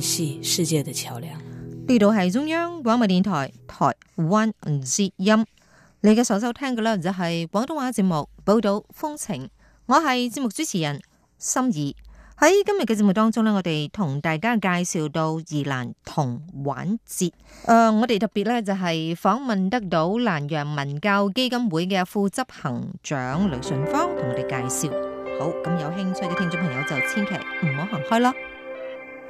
係世界的橋梁。呢度係中央廣播電台台灣節音你嘅，所收聽嘅咧就係廣東話節目《寶島風情》，我係節目主持人心怡。喺今日嘅節目當中咧，我哋同大家介紹到宜蘭童玩節。誒、呃，我哋特別咧就係訪問得到南洋文教基金會嘅副執行長雷順芳，同我哋介紹。好，咁有興趣嘅聽眾朋友就千祈唔好行開啦。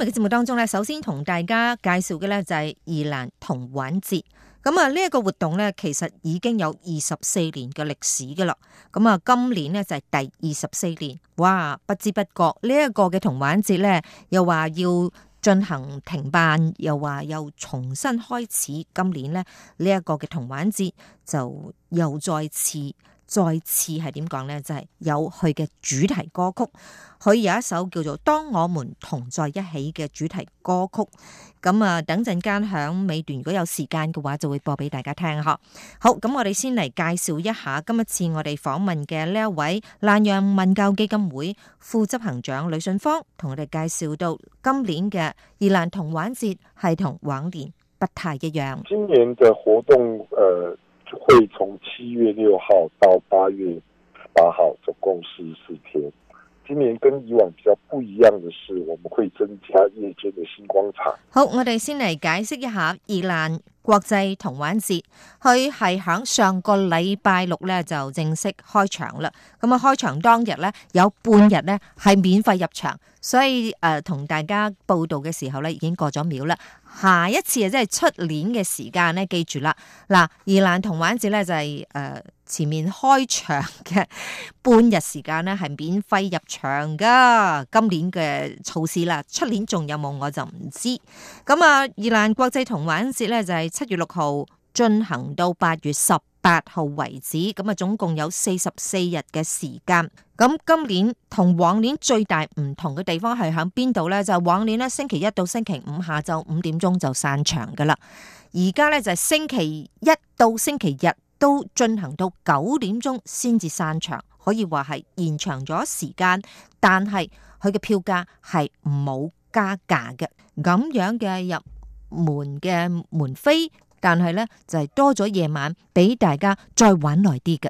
今日嘅節目當中咧，首先同大家介紹嘅咧就係宜蘭童玩節咁啊。呢、這、一個活動咧，其實已經有二十四年嘅歷史噶啦。咁啊，今年咧就係第二十四年。哇，不知不覺呢一、這個嘅童玩節咧，又話要進行停辦，又話又重新開始。今年咧呢一個嘅童玩節就又再次。再次係點講呢？就係、是、有佢嘅主題歌曲，佢有一首叫做《當我們同在一起》嘅主題歌曲。咁啊，等陣間響尾段如果有時間嘅話，就會播俾大家聽吓。好，咁我哋先嚟介紹一下今一次我哋訪問嘅呢一位蘭陽文教基金會副執行長呂順芳，同我哋介紹到今年嘅宜蘭童玩節係同往年不太一樣。今年嘅活動誒。呃會從七月六號到八月十八號，總共四十四天。今年跟以往比較不一樣的是，我們會增加夜間的星光場。好，我哋先嚟解釋一下宜蘭國際童玩節，佢係響上個禮拜六呢就正式開場啦。咁啊，開場當日呢，有半日呢係免費入場，所以誒、呃、同大家報道嘅時候呢已經過咗秒啦。下一次啊，即係出年嘅時間咧，記住啦，嗱，宜蘭童玩節咧就係誒前面開場嘅半日時間咧係免費入場噶，今年嘅措施啦，出年仲有冇我就唔知。咁啊，宜蘭國際童玩節咧就係七月六號進行到八月十八號為止，咁啊總共有四十四日嘅時間。咁今年同往年最大唔同嘅地方係喺邊度呢？就係往年咧，星期一到星期五下晝五點鐘就散場噶啦，而家咧就係星期一到星期日都進行到九點鐘先至散場，可以話係延長咗時間。但係佢嘅票價係冇加價嘅，咁樣嘅入門嘅門飛。但係咧，就係、是、多咗夜晚俾大家再玩耐啲嘅。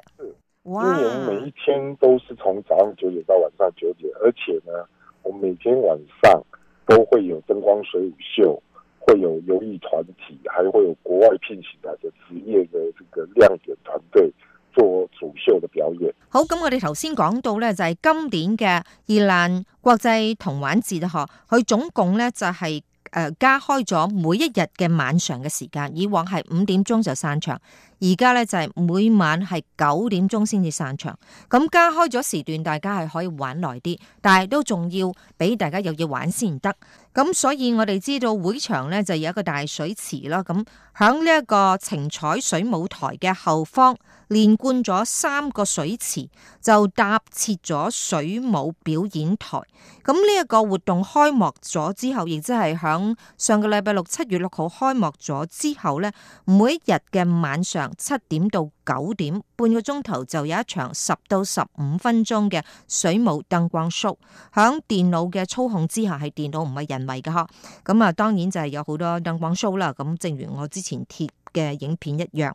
因為哇我每一天都是從早上九點到晚上九點，而且呢，我每天晚上都會有燈光水舞秀，會有遊藝團體，還會有國外聘請嘅職業嘅這個亮點團隊做主秀嘅表演。好，咁我哋頭先講到咧，就係今年嘅宜蘭國際童玩節嗬，佢總共咧就係。誒，加開咗每一日嘅晚上嘅時間，以往係五點鐘就散場。而家咧就係每晚係九點鐘先至散場，咁加開咗時段，大家係可以玩耐啲，但係都仲要俾大家有嘢玩先得。咁所以我哋知道會場咧就有一個大水池啦，咁響呢一個情彩水舞台嘅後方連貫咗三個水池，就搭設咗水舞表演台。咁呢一個活動開幕咗之後亦即係響上個禮拜六七月六號開幕咗之後咧，每一日嘅晚上。七點到九點，半個鐘頭就有一場十到十五分鐘嘅水舞燈光 show，響電腦嘅操控之下係電腦唔係人為嘅哈。咁啊，當然就係有好多燈光 show 啦。咁正如我之前貼嘅影片一樣。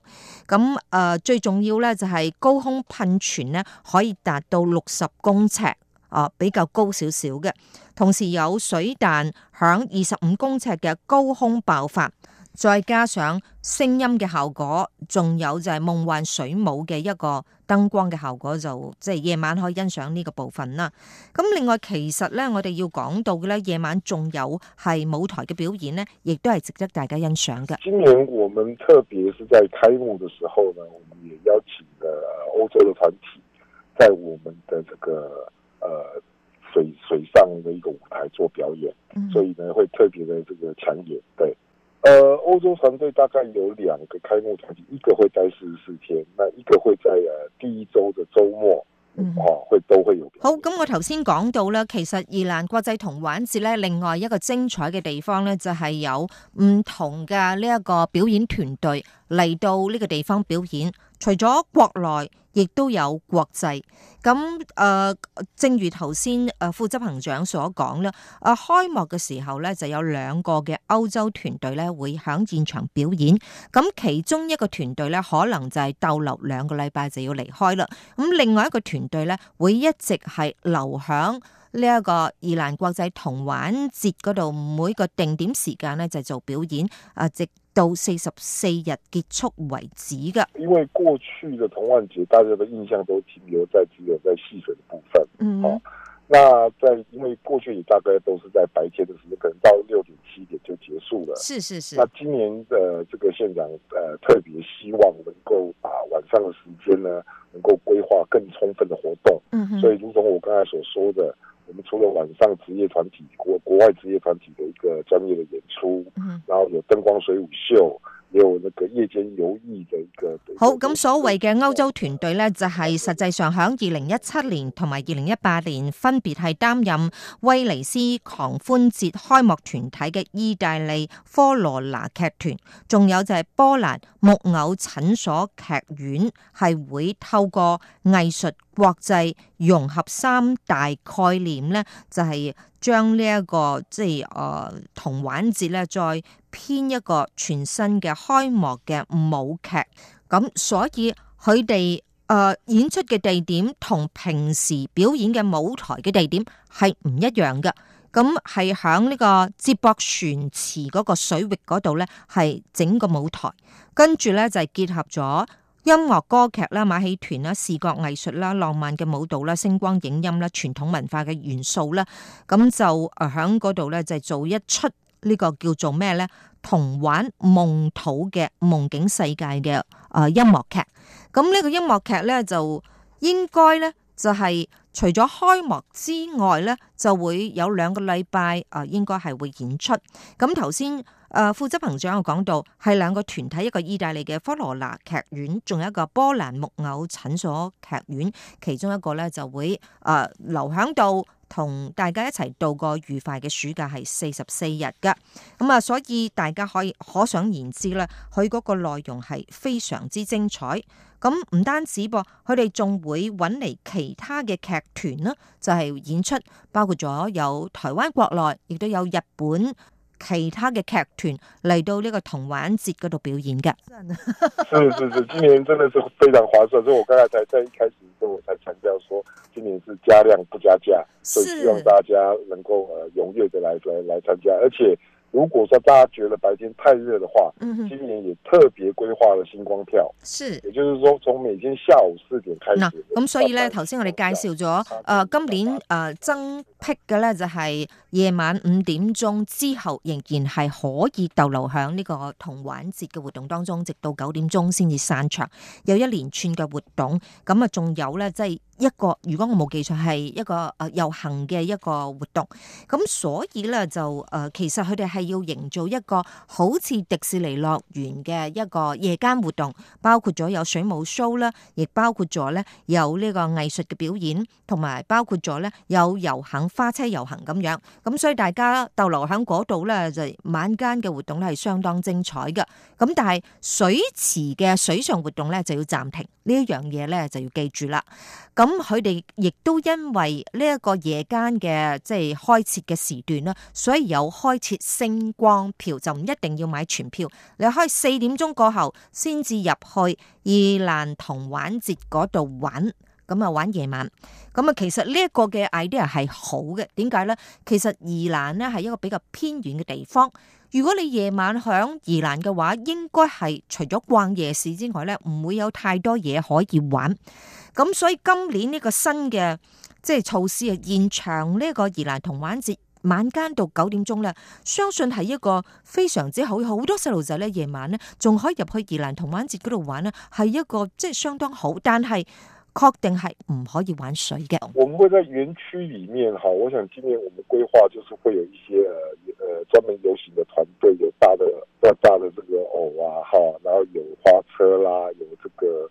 咁誒、呃，最重要咧就係高空噴泉咧可以達到六十公尺啊、呃，比較高少少嘅。同時有水彈響二十五公尺嘅高空爆發。再加上聲音嘅效果，仲有就係夢幻水母嘅一個燈光嘅效果，就即係夜晚可以欣賞呢個部分啦。咁另外，其實咧我哋要講到嘅咧，夜晚仲有係舞台嘅表演咧，亦都係值得大家欣賞嘅。今年我們特別是在開幕嘅時候呢，我們也邀請咗歐洲嘅團體，在我們的這個呃水水上的一個舞台做表演，所以呢會特別的這個搶眼，對。誒，歐洲團隊大概有兩個開幕場地，一個會待四十四天，一個會在第一周嘅周末，嗯，啊，會都會有。好，咁我頭先講到咧，其實宜蘭國際童玩節咧，另外一個精彩嘅地方咧，就係有唔同嘅呢一個表演團隊。嚟到呢個地方表演，除咗國內，亦都有國際。咁誒、呃，正如頭先誒副執行長所講咧，誒、呃、開幕嘅時候咧，就有兩個嘅歐洲團隊咧會喺現場表演。咁其中一個團隊咧，可能就係逗留兩個禮拜就要離開啦。咁另外一個團隊咧，會一直係留響呢一個宜蘭國際童玩節嗰度，每個定點時間咧就做表演。誒、呃、直到四十四日結束為止的，因為過去的童玩節，大家的印象都停留在只有在戲水的部分。嗯、mm，hmm. 那在因為過去也大概都是在白天的時候，可能到六點七點就結束了。是是是。那今年的這個縣長誒特別希望能夠把、啊、晚上的時間呢，能夠規劃更充分的活動。嗯、mm，hmm. 所以如同我剛才所說的。我們除了晚上職業團體國國外職業團體的一個專業的演出，嗯，然後有燈光水舞秀，也有那個夜間遊藝的一個好咁，對所謂嘅歐洲團隊咧，就係、是、實際上響二零一七年同埋二零一八年分別係擔任威尼斯狂歡節開幕團體嘅意大利科羅拿劇團，仲有，就係波蘭木偶診所劇院係會透過藝術。國際融合三大概念咧，就係、是、將、這個就是呃、呢一個即係誒童玩節咧，再編一個全新嘅開幕嘅舞劇。咁、嗯、所以佢哋誒演出嘅地點同平時表演嘅舞台嘅地點係唔一樣嘅。咁係喺呢個接駁船池嗰個水域嗰度咧，係整個舞台，跟住咧就係結合咗。音樂歌劇啦、馬戲團啦、視覺藝術啦、浪漫嘅舞蹈啦、星光影音啦、傳統文化嘅元素啦，咁就喺嗰度咧，就做一出呢個叫做咩咧？童玩夢土嘅夢境世界嘅誒音樂劇。咁呢個音樂劇咧，就應該咧就係除咗開幕之外咧，就會有兩個禮拜啊，應該係會演出。咁頭先。誒副執行長又講到係兩個團體，一個意大利嘅科羅娜劇院，仲有一個波蘭木偶診所劇院。其中一個咧就會誒、呃、留響度同大家一齊度過愉快嘅暑假，係四十四日嘅。咁啊，所以大家可以，可，以可想言之啦，佢嗰個內容係非常之精彩。咁唔單止噃，佢哋仲會揾嚟其他嘅劇團啦，就係、是、演出包括咗有台灣國內，亦都有日本，其他嘅劇團嚟到呢個童玩節嗰度表演㗎。是是是，今年真的是非常划算。所以我剛才在一開始都我才強調說，今年是加量不加價，所以希望大家能夠誒、呃、踴躍嘅來來來參加，而且。如果說大家覺得白天太熱的話，今年也特別規劃了星光票。是，也就是說從每天下午四點開始。咁、嗯、所以呢，頭先我哋介紹咗、呃，今年、呃、增辟嘅呢，就係、是、夜晚五點鐘之後仍然係可以逗留喺呢個童玩節嘅活動當中，直到九點鐘先至散場，有一連串嘅活動，咁啊仲有呢？即、就、係、是。一個，如果我冇記錯，係一個誒遊行嘅一個活動，咁所以咧就誒其實佢哋係要營造一個好似迪士尼樂園嘅一個夜間活動，包括咗有水舞 show 啦，亦包括咗咧有呢個藝術嘅表演，同埋包括咗咧有遊行花車遊行咁樣，咁所以大家逗留喺嗰度咧就晚間嘅活動咧係相當精彩嘅，咁但係水池嘅水上活動咧就要暫停呢一樣嘢咧就要記住啦，咁佢哋亦都因為呢一個夜間嘅即係開設嘅時段啦，所以有開設星光票，就唔一定要買全票。你可以四點鐘過後先至入去，宜蘭童玩節嗰度玩，咁啊玩夜晚。咁啊，其實呢一個嘅 idea 係好嘅。點解咧？其實宜蘭咧係一個比較偏遠嘅地方。如果你夜晚喺宜蘭嘅話，應該係除咗逛夜市之外咧，唔會有太多嘢可以玩。咁所以今年呢個新嘅，即係措施啊，現場呢個宜蘭童玩節晚間到九點鐘咧，相信係一個非常之好，好多細路仔咧夜晚咧仲可以入去宜蘭童玩節嗰度玩咧，係一個即係相當好，但係確定係唔可以玩水嘅。我們會在園區裡面哈，我想今年我們規劃就是會有一些誒呃專門遊行嘅團隊，有大的要大的這個偶啊，哈，然後有花車啦，有這個。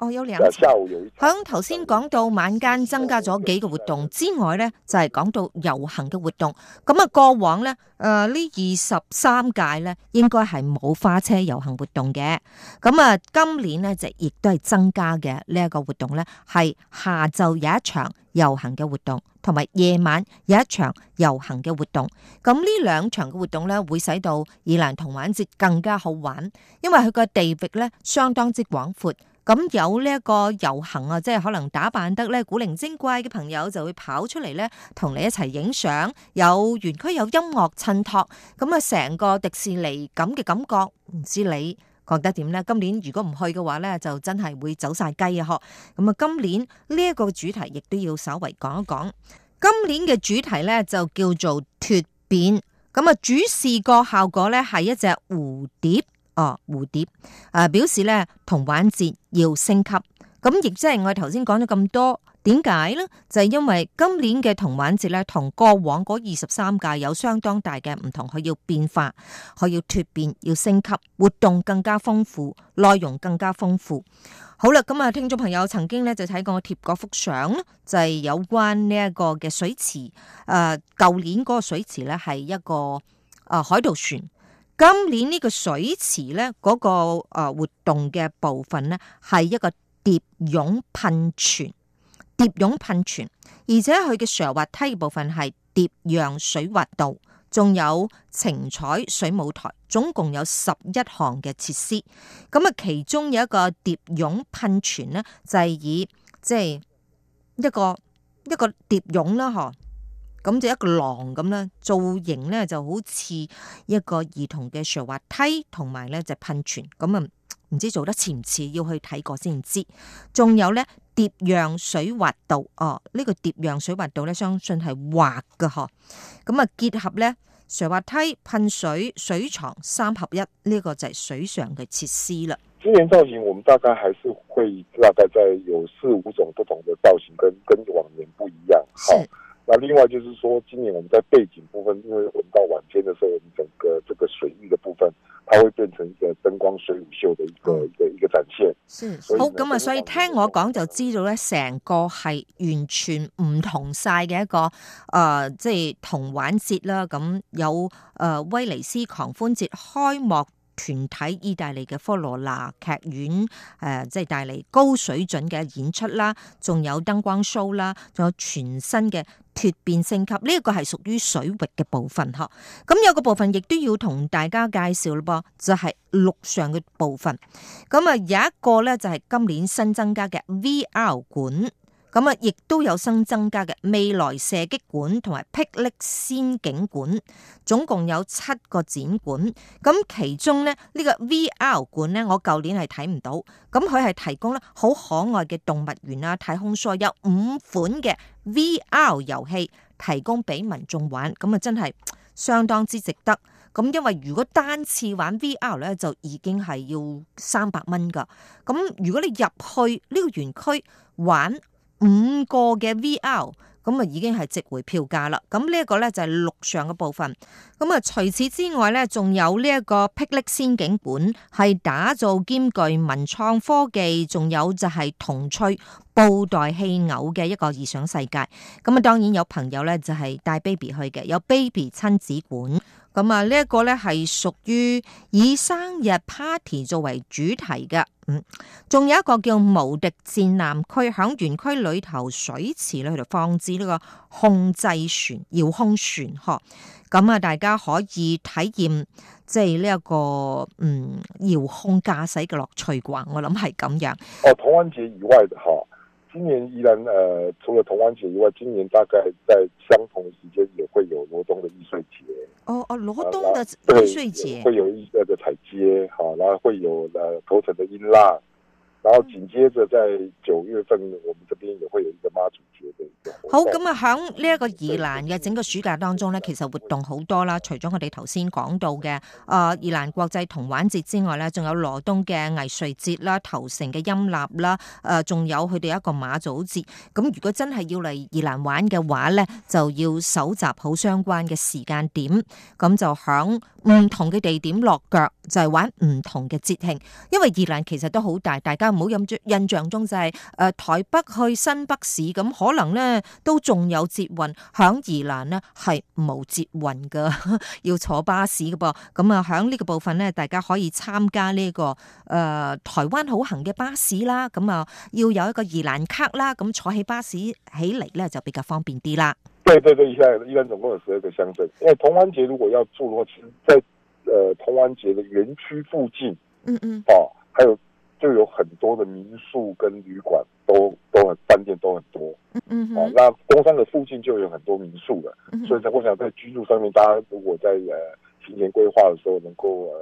哦，oh, 有兩場。響頭先講到晚間增加咗幾個活動之外咧，就係、是、講到遊行嘅活動。咁啊，過往咧誒呢二十三屆咧，應該係冇花車遊行活動嘅。咁啊，今年咧就亦都係增加嘅呢一個活動咧，係下晝有一場遊行嘅活動，同埋夜晚有一場遊行嘅活動。咁呢兩場嘅活動咧，會使到宜蘭童玩節更加好玩，因為佢個地域咧相當之廣闊。咁有呢一個遊行啊，即係可能打扮得咧古靈精怪嘅朋友就會跑出嚟咧，同你一齊影相。有園區有音樂襯托，咁啊成個迪士尼咁嘅感覺。唔知你覺得點咧？今年如果唔去嘅話咧，就真係會走晒雞啊！嗬。咁啊，今年呢一個主題亦都要稍為講一講。今年嘅主題咧就叫做蛻變。咁啊，主視覺效果咧係一隻蝴蝶。哦、蝴蝶啊、呃，表示咧童玩節要升級，咁亦即係我哋頭先講咗咁多，點解咧？就係、是、因為今年嘅童玩節咧，同過往嗰二十三屆有相當大嘅唔同，佢要變化，佢要脫變，要升級，活動更加豐富，內容更加豐富。好啦，咁、嗯、啊，聽眾朋友曾經咧就睇過我貼過幅相，就係、就是、有關呢一個嘅水池。誒、呃，舊年嗰個水池咧係一個誒、呃、海盜船。今年呢個水池咧，嗰、那個活動嘅部分咧，係一個蝶湧噴泉，蝶湧噴泉，而且佢嘅上滑梯嘅部分係蝶漾水滑道，仲有晴彩水舞台，總共有十一項嘅設施。咁啊，其中有一個蝶湧噴泉咧，就係、是、以即係、就是、一個一個蝶湧啦，嗬。咁、嗯、就一個浪咁咧，造型咧就好似一個兒童嘅水滑梯，同埋咧就噴、是、泉。咁、嗯、啊，唔知做得似唔似，要去睇過先知。仲有咧疊樣水滑道，哦，呢、這個疊樣水滑道咧，相信係滑嘅嗬。咁啊，結合咧水滑梯、噴水、水床三合一，呢、這個就係水上嘅設施啦。今年造型，我們大概還是會大概在有四五種不同的造型，跟跟往年不一樣。是。另外就是說，今年我們在背景部分，因為我們到晚間的時候，我們整個這個水域的部分，它會變成一個燈光水舞秀的一個、嗯、一個個展現。是好咁啊，所以聽我講就知道咧，成個係完全唔同晒嘅一個誒，即、呃、係、就是、童玩節啦。咁有誒、呃、威尼斯狂歡節開幕。全體意大利嘅科羅娜劇院誒，即係帶嚟高水準嘅演出啦，仲有燈光 show 啦，仲有全新嘅脫變升級，呢、這、一個係屬於水域嘅部分呵。咁有個部分亦都要同大家介紹咯噃，就係、是、陸上嘅部分。咁啊有一個咧就係今年新增加嘅 VR 館。咁啊，亦都有新增加嘅未來射擊館同埋霹靂仙境館，總共有七個展館。咁其中咧呢個 VR 館咧，我舊年係睇唔到。咁佢係提供咧好可愛嘅動物園啊、太空梭，有五款嘅 VR 遊戲提供俾民眾玩。咁啊，真係相當之值得。咁因為如果單次玩 VR 咧，就已經係要三百蚊噶。咁如果你入去呢個園區玩，五個嘅 VR 咁啊，已經係值回票價啦！咁呢一個咧就係陸上嘅部分。咁啊，除此之外咧，仲有呢一個霹靂仙境本，係打造兼具文創科技，仲有就係同趣。布袋戲偶嘅一個異想世界，咁啊，當然有朋友咧就係、是、帶 baby 去嘅，有 baby 親子館，咁啊呢一個咧係屬於以生日 party 作為主題嘅，嗯，仲有一個叫無敵戰艦區，響園區裏頭水池咧去度放置呢個控制船、遙控船，嗬，咁啊大家可以體驗即係呢一個嗯遙控駕駛嘅樂趣啩，我諗係咁樣。哦，童玩節以外嘅吓。今年依然，呃，除了童玩節以外，今年大概在相同時間也會有羅東的藝穗節。哦哦，羅、哦、東的藝穗節會有一那的踩街，好、啊，然後會有呃頭城的音浪。然後緊接着在九月份，我們這邊也會有一個媽祖節。好，咁啊，響呢一個宜蘭嘅整個暑假當中呢，其實活動好多啦。除咗我哋頭先講到嘅，誒、呃，宜蘭國際童玩節之外呢，仲有羅東嘅藝穗節啦、頭城嘅音樂啦，誒、呃，仲有佢哋一個馬祖節。咁如果真係要嚟宜蘭玩嘅話呢，就要搜集好相關嘅時間點，咁就響唔同嘅地點落腳，就係、是、玩唔同嘅節慶。因為宜蘭其實都好大，大家。唔好印象，印象中就係誒台北去新北市咁可能咧都仲有捷運，響宜蘭呢係冇捷運嘅， 要坐巴士嘅噃。咁啊響呢個部分咧，大家可以參加呢、這個誒、呃、台灣好行嘅巴士啦。咁啊要有一個宜蘭卡啦，咁坐起巴士起嚟咧，就比較方便啲啦。對對對，宜蘭宜蘭總共有十二個鄉鎮。因為童玩節如果要住嘅話，其實在誒童、呃、玩節嘅園區附近，嗯嗯，啊還有。就有很多的民宿跟旅館都都很飯店都很多，嗯哼、mm，hmm. 啊，那東山的附近就有很多民宿啦，mm hmm. 所以我想在居住上面，大家如果在誒行前規劃的時候，能夠誒，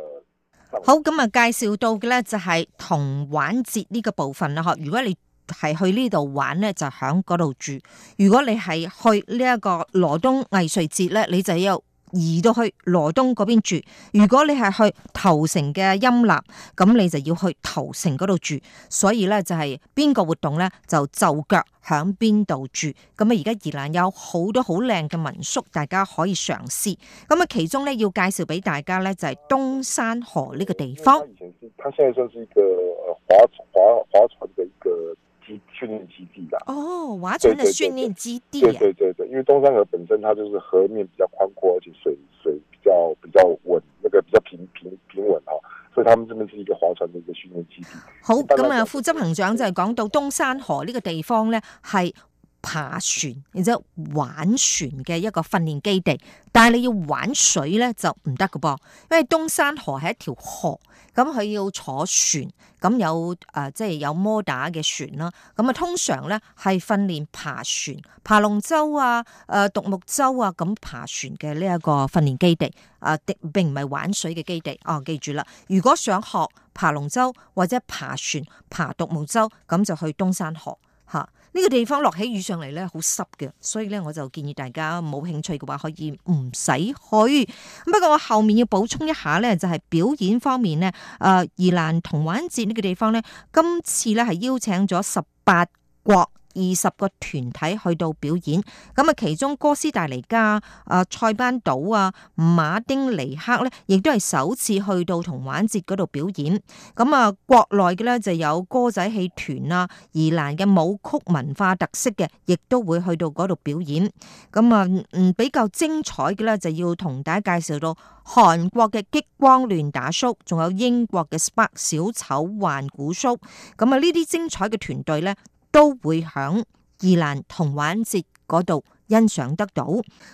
啊、好，咁啊介紹到嘅呢，就係童玩節呢個部分啦，呵，如果你係去呢度玩呢，就響嗰度住；如果你係去呢一個羅東藝術節呢，你就有。移到去羅東嗰邊住。如果你係去頭城嘅陰納，咁你就要去頭城嗰度住。所以咧就係邊個活動咧就就腳響邊度住。咁啊，而家宜蘭有好多好靚嘅民宿，大家可以嘗試。咁啊，其中咧要介紹俾大家咧就係、是、冬山河呢個地方。佢現在算是一個划划划船嘅一個。訓練基地啦，哦，划船嘅訓練基地對對對，對對對，因為東山河本身，它就是河面比較寬闊，而且水水比較比較穩，那個比較平平平穩啊，所以他們這邊是一個划船的一個訓練基地。好，咁啊，副執行長就係講到東山河呢個地方咧，係爬船，然之後玩船嘅一個訓練基地，但係你要玩水咧就唔得噶噃，因為東山河係一條河。咁佢要坐船，咁有誒，即、呃、係、就是、有摩打嘅船啦。咁啊，通常咧係訓練爬船、爬龍舟啊、誒、呃、獨木舟啊，咁爬船嘅呢一個訓練基地啊，並唔係玩水嘅基地。哦、呃啊，記住啦，如果想學爬龍舟或者爬船爬獨、爬獨木舟，咁就去冬山河吓。啊呢個地方落起雨上嚟咧，好濕嘅，所以咧我就建議大家冇興趣嘅話，可以唔使去。不過我後面要補充一下咧，就係、是、表演方面咧，誒，宜蘭童玩節呢個地方咧，今次咧係邀請咗十八國。二十個團體去到表演，咁啊，其中哥斯達黎加、啊塞班島啊、馬丁尼克咧，亦都係首次去到童玩節嗰度表演。咁啊，國內嘅咧就有歌仔戲團啊、宜蘭嘅舞曲文化特色嘅，亦都會去到嗰度表演。咁啊，嗯，比較精彩嘅咧就要同大家介紹到韓國嘅激光亂打秀，仲有英國嘅 Spark 小丑頑古秀。咁啊，呢啲精彩嘅團隊咧。都會響宜蘭童玩節嗰度欣賞得到。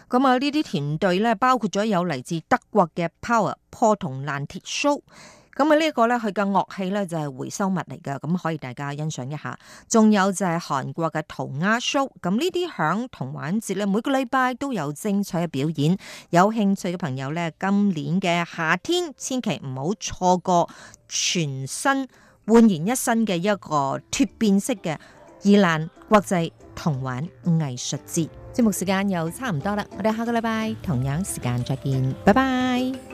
咁啊，呢啲團隊咧，包括咗有嚟自德國嘅 Power 破銅爛鐵 Show。咁啊，呢個咧，佢嘅樂器咧，就係回收物嚟噶，咁可以大家欣賞一下。仲有就係韓國嘅塗鴉 Show。咁呢啲響童玩節咧，每個禮拜都有精彩嘅表演。有興趣嘅朋友咧，今年嘅夏天千祈唔好錯過全新煥然一新嘅一個脫變式嘅。宜蘭國際童玩藝術節，節目時間又差唔多啦，我哋下個禮拜同樣時間再見，拜拜。